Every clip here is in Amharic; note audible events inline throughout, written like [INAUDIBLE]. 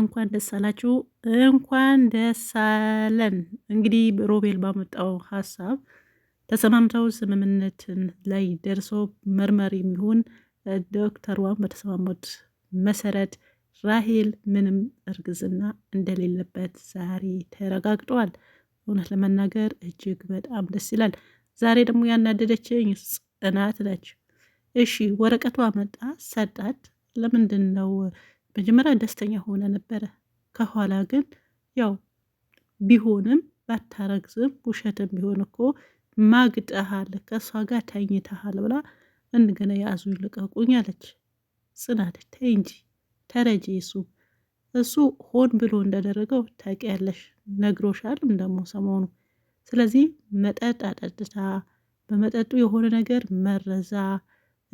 እንኳን ደስ አላችሁ፣ እንኳን ደስ አለን። እንግዲህ ሮቤል ባመጣው ሀሳብ ተሰማምተው ስምምነትን ላይ ደርሶ መርመሪ የሚሆን ዶክተሯን በተሰማሙት መሰረት ራሄል ምንም እርግዝና እንደሌለበት ዛሬ ተረጋግጠዋል። እውነት ለመናገር እጅግ በጣም ደስ ይላል። ዛሬ ደግሞ ያናደደችኝ ጽናት ነች። እሺ ወረቀቷ መጣ ሰጣት። ለምንድን ነው መጀመሪያ ደስተኛ ሆነ ነበረ። ከኋላ ግን ያው ቢሆንም ባታረግዝም ውሸትም ቢሆን እኮ ማግጠሃል ከእሷ ጋር ተኝተሃል ብላ እንገና ያዙኝ ልቀቁኝ አለች። ጽናት ተይ እንጂ ተረጂ እሱ እሱ ሆን ብሎ እንዳደረገው ታውቂያለሽ፣ ነግሮሻልም ደግሞ ሰሞኑ። ስለዚህ መጠጥ አጠጥታ በመጠጡ የሆነ ነገር መረዛ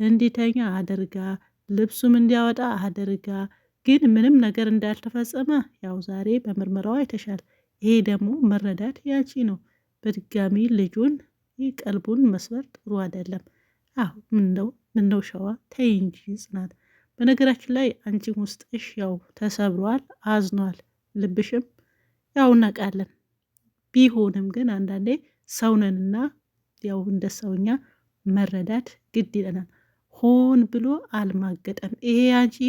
እንዲተኛ አድርጋ ልብሱም እንዲያወጣ አድርጋ ግን ምንም ነገር እንዳልተፈጸመ ያው ዛሬ በምርመራዋ አይተሻል። ይሄ ደግሞ መረዳት ያቺ ነው። በድጋሚ ልጁን ቀልቡን መስበር ጥሩ አይደለም። አሁ ምነው ምነው ሸዋ ተይ እንጂ ጽናት። በነገራችን ላይ አንቺም ውስጥሽ ያው ተሰብሯል፣ አዝኗል። ልብሽም ያው እናቃለን። ቢሆንም ግን አንዳንዴ ሰውነንና ያው እንደ ሰውኛ መረዳት ግድ ይለናል። ሆን ብሎ አልማገጠም ይሄ አንቺ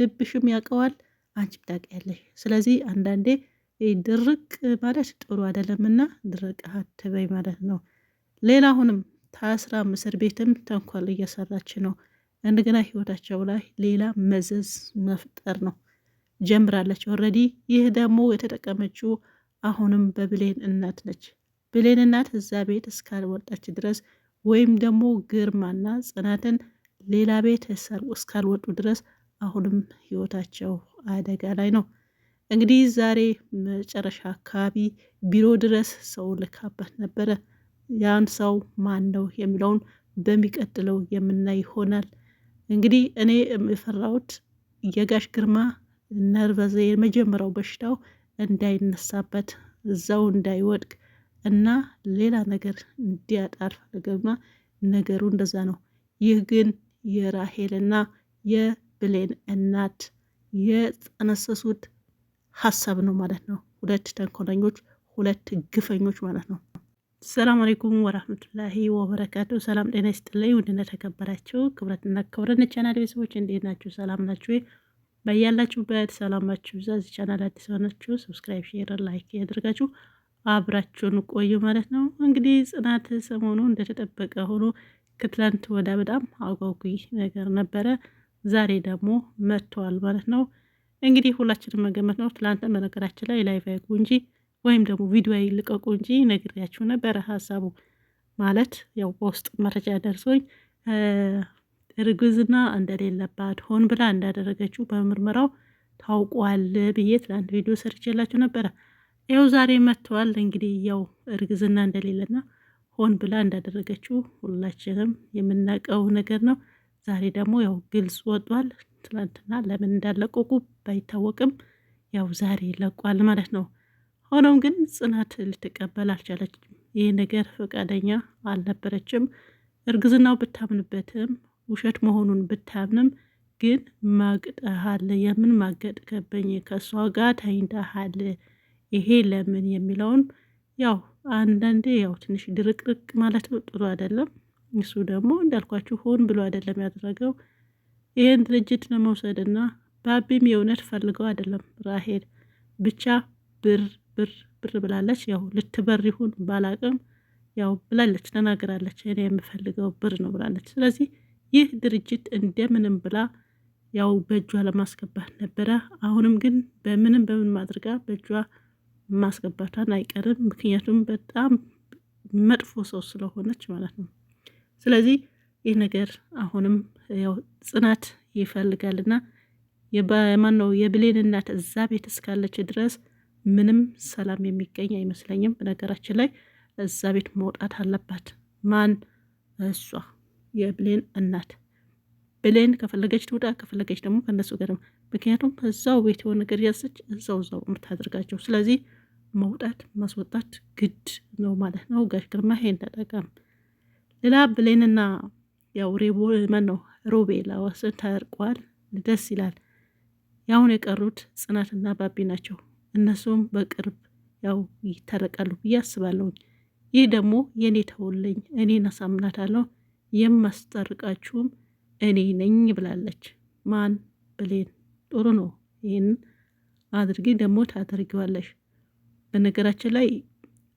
ልብሽም ያውቀዋል፣ አንቺም ታውቂያለሽ። ስለዚህ አንዳንዴ ድርቅ ማለት ጥሩ አይደለምና ድርቅ አትበይ ማለት ነው። ሌላ አሁንም ታስራ እስር ቤትም ተንኮል እየሰራች ነው። እንደገና ህይወታቸው ላይ ሌላ መዘዝ መፍጠር ነው ጀምራለች ኦልሬዲ። ይህ ደግሞ የተጠቀመችው አሁንም በብሌን እናት ነች። ብሌን እናት እዛ ቤት እስካልወጣች ድረስ ወይም ደግሞ ግርማና ጽናትን ሌላ ቤት እስካልወጡ ድረስ አሁንም ህይወታቸው አደጋ ላይ ነው። እንግዲህ ዛሬ መጨረሻ አካባቢ ቢሮ ድረስ ሰው ልካበት ነበረ። ያን ሰው ማን ነው የሚለውን በሚቀጥለው የምናይ ይሆናል። እንግዲህ እኔ የፈራሁት የጋሽ ግርማ ነርቨዘ የመጀመሪያው በሽታው እንዳይነሳበት እዛው እንዳይወድቅ እና ሌላ ነገር እንዲያጣር ፈለገና ነገሩ እንደዛ ነው። ይህ ግን የራሄልና ብሌን እናት የጠነሰሱት ሀሳብ ነው ማለት ነው። ሁለት ተንኮለኞች፣ ሁለት ግፈኞች ማለት ነው። ሰላም አለይኩም ወራህመቱላሂ ወበረካቱ። ሰላም ጤና ይስጥልኝ። ውድና ተከበራችሁ ክብረትና ክብረን ቻናል ቤተሰቦች እንዴት ናችሁ? ሰላም ናችሁ? በያላችሁበት ሰላማችሁ ብዛ። እዚህ ቻናል አዲስ ሆናችሁ ሰብስክራይብ፣ ሼር፣ ላይክ ያደርጋችሁ አብራችሁን ቆዩ ማለት ነው። እንግዲህ ጽናት ሰሞኑ እንደተጠበቀ ሆኖ ከትላንት ወዳ በጣም አጓጊ ነገር ነበረ። ዛሬ ደግሞ መጥተዋል ማለት ነው። እንግዲህ ሁላችንም መገመት ነው። ትላንት በነገራችን ላይ ላይቭ አይጉ እንጂ ወይም ደግሞ ቪዲዮ ይልቀቁ እንጂ ነግሬያችሁ ነበረ። ሀሳቡ ማለት ያው በውስጥ መረጃ ደርሶኝ እርግዝና እንደሌለባት ሆን ብላ እንዳደረገችው በምርመራው ታውቋል ብዬ ትላንት ቪዲዮ ሰርቼላችሁ ነበረ። ይኸው ዛሬ መጥተዋል። እንግዲህ ያው እርግዝና እንደሌለና ሆን ብላ እንዳደረገችው ሁላችንም የምናውቀው ነገር ነው። ዛሬ ደግሞ ያው ግልጽ ወጧል። ትናንትና ለምን እንዳለቀቁ ባይታወቅም ያው ዛሬ ለቋል ማለት ነው። ሆኖም ግን ጽናት ልትቀበል አልቻለችም። ይህ ነገር ፈቃደኛ አልነበረችም። እርግዝናው ብታምንበትም ውሸት መሆኑን ብታምንም ግን ማግጠሃል፣ የምን ማገጥ ከበኝ፣ ከእሷ ጋር ተኝተሃል፣ ይሄ ለምን የሚለውን ያው አንዳንዴ ያው ትንሽ ድርቅርቅ ማለት ጥሩ አይደለም። እሱ ደግሞ እንዳልኳችሁ ሆን ብሎ አይደለም ያደረገው ይህን ድርጅት ለመውሰድ እና ባቢም የእውነት ፈልገው አይደለም። ራሄል ብቻ ብር ብር ብር ብላለች። ያው ልትበር ይሁን ባላቅም ያው ብላለች፣ ተናግራለች። እኔ የምፈልገው ብር ነው ብላለች። ስለዚህ ይህ ድርጅት እንደምንም ብላ ያው በእጇ ለማስገባት ነበረ። አሁንም ግን በምንም በምን ማድርጋ በእጇ ማስገባቷን አይቀርም። ምክንያቱም በጣም መጥፎ ሰው ስለሆነች ማለት ነው። ስለዚህ ይህ ነገር አሁንም ያው ጽናት ይፈልጋልና የማን ነው የብሌን እናት እዛ ቤት እስካለች ድረስ ምንም ሰላም የሚገኝ አይመስለኝም። በነገራችን ላይ እዛ ቤት መውጣት አለባት። ማን እሷ የብሌን እናት ብሌን ከፈለገች ትውጣ፣ ከፈለገች ደግሞ ከነሱ ጋር ምክንያቱም እዛው ቤት የሆነ ነገር ያዘች እዛው እዛው የምታደርጋቸው ስለዚህ መውጣት ማስወጣት ግድ ነው ማለት ነው። ጋሽ ግርማ ይሄን ተጠቀም ሌላ ብሌንና ያው ሬቦ መን ነው ሮቤላ አዋስን ተርቋል። ደስ ይላል። ያሁን የቀሩት ጽናትና ባቢ ናቸው። እነሱም በቅርብ ያው ይታረቃሉ ብዬ አስባለሁ። ይህ ደግሞ የኔ ተውልኝ፣ እኔ አሳምናታለሁ፣ የማስጠርቃችሁም እኔ ነኝ ብላለች። ማን ብሌን? ጥሩ ነው። ይህን አድርጊ ደግሞ ታደርጊዋለሽ። በነገራችን ላይ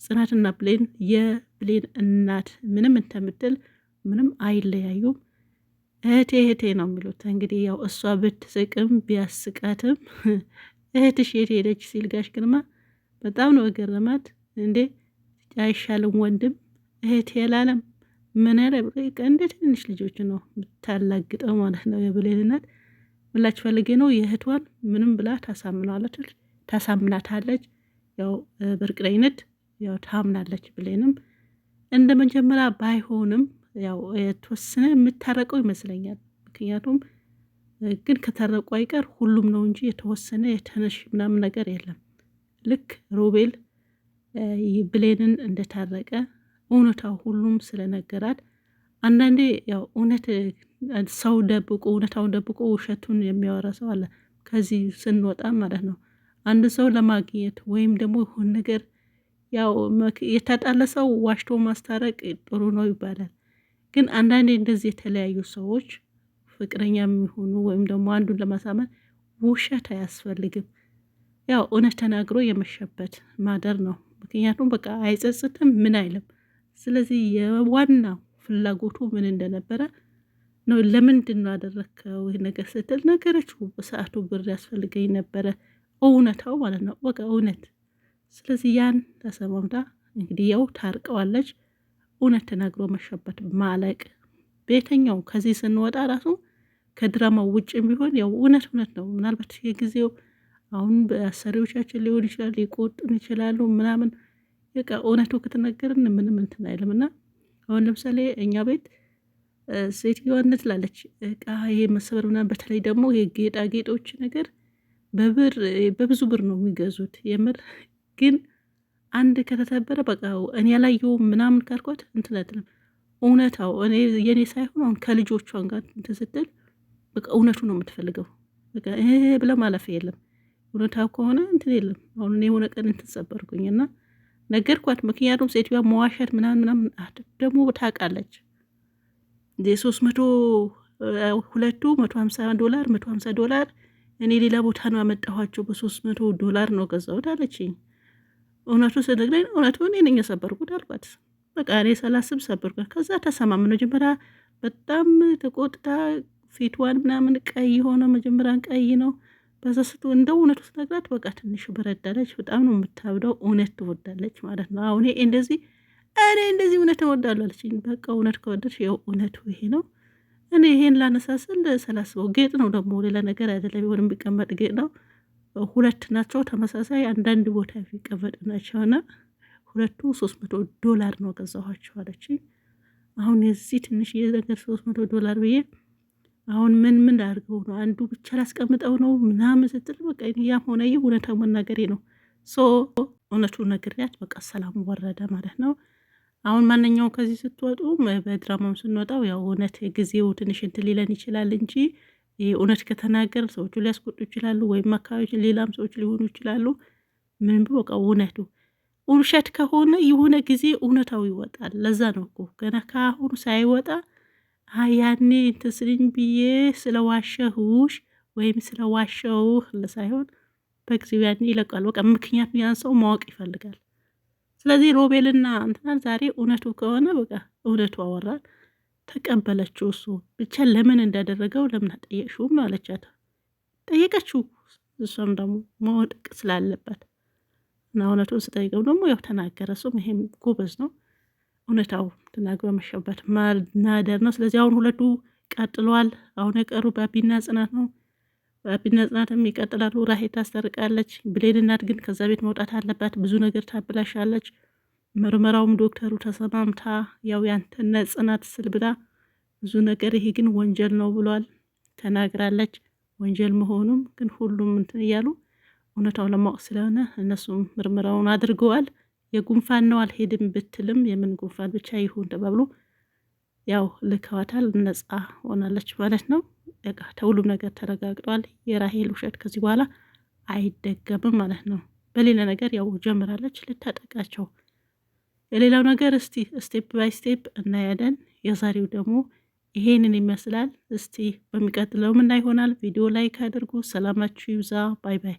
ጽናትና ብሌን የብሌን እናት ምንም እንተምትል ምንም አይለያዩም። እህቴ እህቴ ነው የሚሉት። እንግዲህ ያው እሷ ብትስቅም ቢያስቃትም [LAUGHS] እህትሽ የት ሄደች ሲል ጋሽ ግርማ በጣም ነው የገረማት። እንዴ አይሻልም ወንድም እህቴ ላለም ምን ያለ እንደ ትንሽ ልጆች ነው የምታላግጠው ማለት ነው የብሌን እናት። ብላችሁ ፈልጌ ነው የእህቷን ምንም ብላ ታሳምናለች ታሳምናታለች ያው በእርግጠኝነት ያው ታምናለች ብሌንም እንደ መጀመሪያ ባይሆንም ያው የተወሰነ የምታረቀው ይመስለኛል። ምክንያቱም ግን ከታረቁ አይቀር ሁሉም ነው እንጂ የተወሰነ የተነሽ ምናምን ነገር የለም። ልክ ሮቤል ብሌንን እንደታረቀ እውነታው ሁሉም ስለነገራት አንዳንዴ ያው እውነት ሰው ደብቆ እውነታውን ደብቆ ውሸቱን የሚያወራ ሰው አለ። ከዚህ ስንወጣ ማለት ነው አንድ ሰው ለማግኘት ወይም ደግሞ ይሁን ነገር ያው የተጣለ ሰው ዋሽቶ ማስታረቅ ጥሩ ነው ይባላል። ግን አንዳንዴ እንደዚህ የተለያዩ ሰዎች ፍቅረኛ የሚሆኑ ወይም ደግሞ አንዱን ለማሳመን ውሸት አያስፈልግም። ያው እውነት ተናግሮ የመሸበት ማደር ነው። ምክንያቱም በቃ አይጸጽትም፣ ምን አይልም። ስለዚህ የዋናው ፍላጎቱ ምን እንደነበረ ነው። ለምንድን ነው ያደረግከው ይህ ነገር ስትል ነገረችው፣ በሰዓቱ ብር ያስፈልገኝ ነበረ፣ እውነታው ማለት ነው። በቃ እውነት ስለዚህ ያን ተሰማምታ እንግዲህ ያው ታርቀዋለች። እውነት ተናግሮ መሸበት ማለቅ ቤተኛው ከዚህ ስንወጣ ራሱ ከድራማው ውጭም ቢሆን ያው እውነት እውነት ነው። ምናልባት የጊዜው አሁን በአሰሪዎቻችን ሊሆን ይችላል ሊቆጡን ይችላሉ ምናምን በቃ እውነቱ ከተነገርን ምንም እንትን አይልም እና አሁን ለምሳሌ እኛ ቤት ሴትዮዋ ትላለች እቃ ይሄ መሰበር ምናምን፣ በተለይ ደግሞ የጌጣጌጦች ነገር በብር በብዙ ብር ነው የሚገዙት የምር ግን አንድ ከተሰበረ በቃ እኔ ያላየሁም ምናምን ካልኳት እንትን አትልም። እውነታው የእኔ ሳይሆን አሁን ከልጆቿን ጋር እንትን ስትል በቃ እውነቱ ነው የምትፈልገው። በቃ ይሄ ብለ ማለፍ የለም እውነታው ከሆነ እንትን የለም። አሁን እኔ የሆነ ቀን እንትን ሰበርኩኝ እና ነገርኳት። ምክንያቱም ሴትዮዋ መዋሸት ምናምን ምናምን ደግሞ ታውቃለች። የሶስት መቶ ሁለቱ መቶ ሀምሳ ዶላር መቶ ሀምሳ ዶላር እኔ ሌላ ቦታ ነው ያመጣኋቸው በሶስት መቶ ዶላር ነው ገዛሁት አለችኝ። እውነቱ ስነግረኝ እውነቱ እኔ ነኝ የሰበርኩት አልኳት። በቃ እኔ ሰላስብ ሰበርኩት። ከዛ ተሰማም መጀመሪያ በጣም ተቆጥታ ፊትዋን ምናምን ቀይ ሆነ። መጀመሪያን ቀይ ነው በዘስቱ እንደ እውነቱ ስነግራት በቃ ትንሽ በረዳለች። በጣም ነው የምታብደው። እውነት ትወዳለች ማለት ነው። አሁን እንደዚህ እኔ እንደዚህ እውነት እወዳለሁ አለችኝ። በቃ እውነት ከወደድሽ ያው እውነቱ ይሄ ነው። እኔ ይሄን ላነሳስል ሰላስበው ጌጥ ነው ደግሞ ሌላ ነገር አይደለም። ቢሆን የሚቀመጥ ጌጥ ነው። ሁለት ናቸው ተመሳሳይ አንዳንድ ቦታ የሚቀመጥ ናቸው እና ሁለቱ ሶስት መቶ ዶላር ነው ገዛኋቸው አለች። አሁን የዚህ ትንሽ የነገር ሶስት መቶ ዶላር ብዬ አሁን ምን ምን አድርገው ነው አንዱ ብቻ ላስቀምጠው ነው ምናምን ስትል በቃ ያም ሆነ ይህ እውነታ መናገሬ ነው። ሶ እውነቱ ነግሬያት በቃ ሰላም ወረደ ማለት ነው። አሁን ማንኛውም ከዚህ ስትወጡ በድራማም ስንወጣው ያው እውነት ጊዜው ትንሽ እንትን ሊለን ይችላል እንጂ እውነት ከተናገር ሰዎቹ ሊያስቆጡ ይችላሉ፣ ወይም አካባቢ ሌላም ሰዎች ሊሆኑ ይችላሉ። ምንም በቃ እውነቱ ውሸት ከሆነ የሆነ ጊዜ እውነታው ይወጣል። ለዛ ነው እኮ ገና ከአሁኑ ሳይወጣ ያኔ ስልኝ ብዬ ስለዋሸሁሽ ወይም ስለዋሸውህ ሳይሆን በጊዜው ያኔ ይለቃል። በቃ ምክንያቱ ያን ሰው ማወቅ ይፈልጋል። ስለዚህ ሮቤልና እንትናን ዛሬ እውነቱ ከሆነ በቃ እውነቱ አወራል። ተቀበለችው። እሱ ብቻ ለምን እንዳደረገው ለምን አጠየቅሽውም አለቻት። ጠየቀችው። እሷም ደግሞ መወደቅ ስላለበት እና እውነቱን ስጠይቀው ደግሞ ያው ተናገረ። እሱም ይሄም ጎበዝ ነው፣ እውነታው ተናግሮ መሸበት ማናደር ነው። ስለዚህ አሁን ሁለቱ ቀጥሏል። አሁን የቀሩ ባቢና ጽናት ነው። ባቢና ጽናትም ይቀጥላሉ። ራሄ ታስተርቃለች። ብሌን እናት ግን ከዛ ቤት መውጣት አለባት። ብዙ ነገር ታብላሻለች። ምርመራውም ዶክተሩ ተሰማምታ ያው ያንተነ ጽናት ስል ብላ ብዙ ነገር ይሄ ግን ወንጀል ነው ብሏል ተናግራለች። ወንጀል መሆኑም ግን ሁሉም እንትን እያሉ እውነታው ለማወቅ ስለሆነ እነሱም ምርመራውን አድርገዋል። የጉንፋን ነው አልሄድም ብትልም የምን ጉንፋን ብቻ ይሁን ተባብሎ ያው ልከዋታል። ነጻ ሆናለች ማለት ነው። ሁሉም ነገር ተረጋግጧል። የራሄል ውሸት ከዚህ በኋላ አይደገምም ማለት ነው። በሌላ ነገር ያው ጀምራለች ልታጠቃቸው የሌላው ነገር እስቲ ስቴፕ ባይ ስቴፕ እናያለን። የዛሬው ደግሞ ይሄንን ይመስላል። እስቲ በሚቀጥለው ምና ይሆናል። ቪዲዮ ላይክ አድርጉ። ሰላማችሁ ይብዛ። ባይ ባይ።